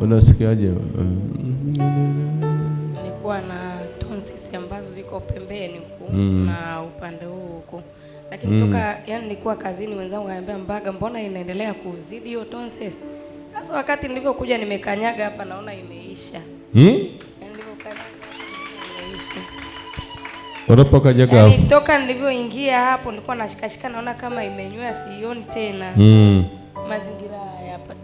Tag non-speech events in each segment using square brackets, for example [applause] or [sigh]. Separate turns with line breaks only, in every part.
Unasikiaje?
Nilikuwa na tonsils ambazo ziko pembeni huku mm. na upande huu huku, lakini mm. toka yani nilikuwa kazini, wenzangu wanaambia Mbaga, mbona inaendelea kuzidi hiyo tonsils? Sasa wakati nilivyokuja nimekanyaga hapa naona imeisha
hmm? Unapokanyaga yaani
yaani hapo toka nilivyoingia hapo nilikuwa nashikashika naona kama imenywea, sioni tena mm. mazingira haya hapa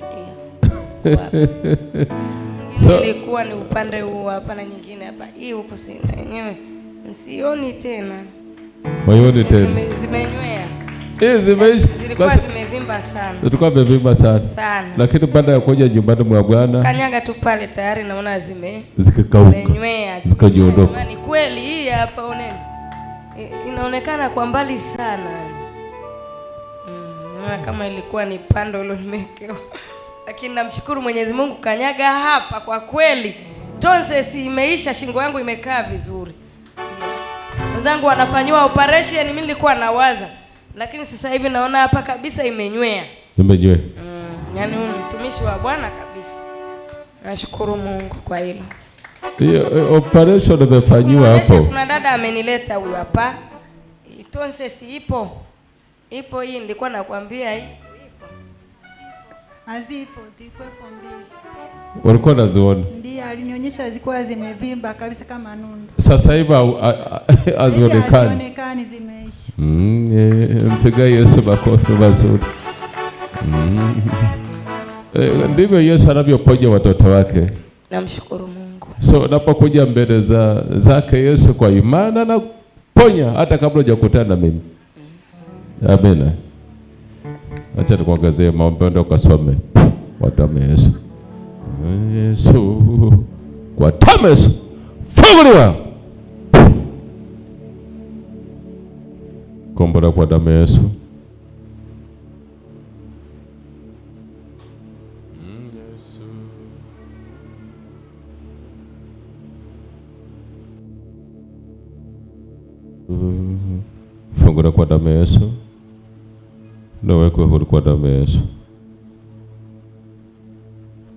so, ilikuwa ni upande huu hapa na nyingine hapa hii huku sina yenyewe msioni tena
maioni tena
zimenywea zimeisha, zilikuwa zimevimba sana sana, sana,
lakini baada ya kuja nyumbani mwa Bwana
kanyaga tu pale tayari naona zime zikakauka zimenywea,
zikajiondoka.
Ni kweli hii hapa oneni, inaonekana kwa mbali sana, mm, kama ilikuwa ni pando hilo lakini namshukuru Mwenyezi Mungu kanyaga hapa kwa kweli, tonsils imeisha, shingo yangu imekaa vizuri. Wenzangu wanafanyiwa operation, mimi nilikuwa nawaza, lakini sasa hivi naona hapa kabisa imenywea,
imenywea. Mm,
yani huyu mtumishi wa Bwana kabisa, nashukuru Mungu kwa hilo.
Hiyo eh, operation imefanyiwa hapo.
Kuna dada amenileta huyu hapa, tonsils ipo ipo, hii nilikuwa nakwambia hii Hazipo, zilikuwepo mbili.
Walikuwa naziona?
Ndiyo, alinionyesha zilikuwa zimevimba kabisa kama nundu.
Sasa hivi yaani hazionekani.
Hazionekani, zimeisha.
Mm, yeah. Mpiga Yesu makofi mazuri. Mm. [laughs] E, ndivyo Yesu anavyoponya watoto wake.
Namshukuru Mungu.
So napokuja mbele za zake Yesu kwa imani na ponya hata kabla hujakutana na mimi. Mm. Amina. Acha nikuangazie maombi, ndio kasome kwa damu ya Yesu. Yesu, kwa damu ya Yesu funguliwa, kombora kwa damu ya Yesu. Mm, Fungura kwa damu ya Yesu na uwekwe huru kwa damu ya Yesu.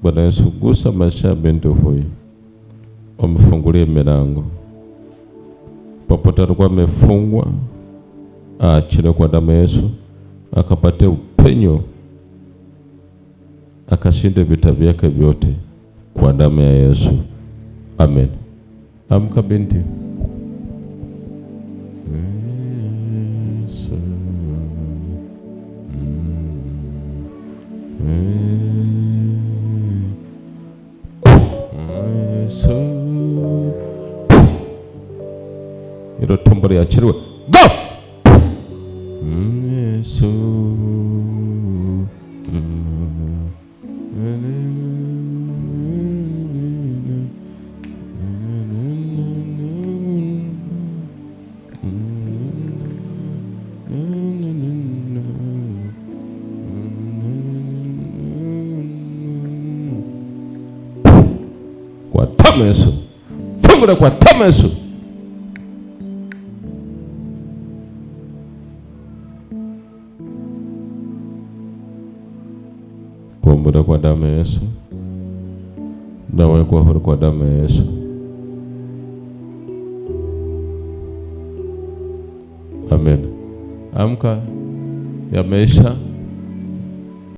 Bwana Yesu, gusa maisha ya binti huyu, umfungulie milango popote alikuwa amefungwa, aachile kwa damu ya Yesu, akapate upenyo, akashinde vita vyake vyote kwa damu ya Yesu. Amen. Amka binti. 이런 톰벌에 야채를 고! 예수 kwa Yesu, fungu kwa tamu Yesu kuombolewa kwa damu ya Yesu, nawekwa huru kwa damu ya Yesu. Amen. Amka, yameisha.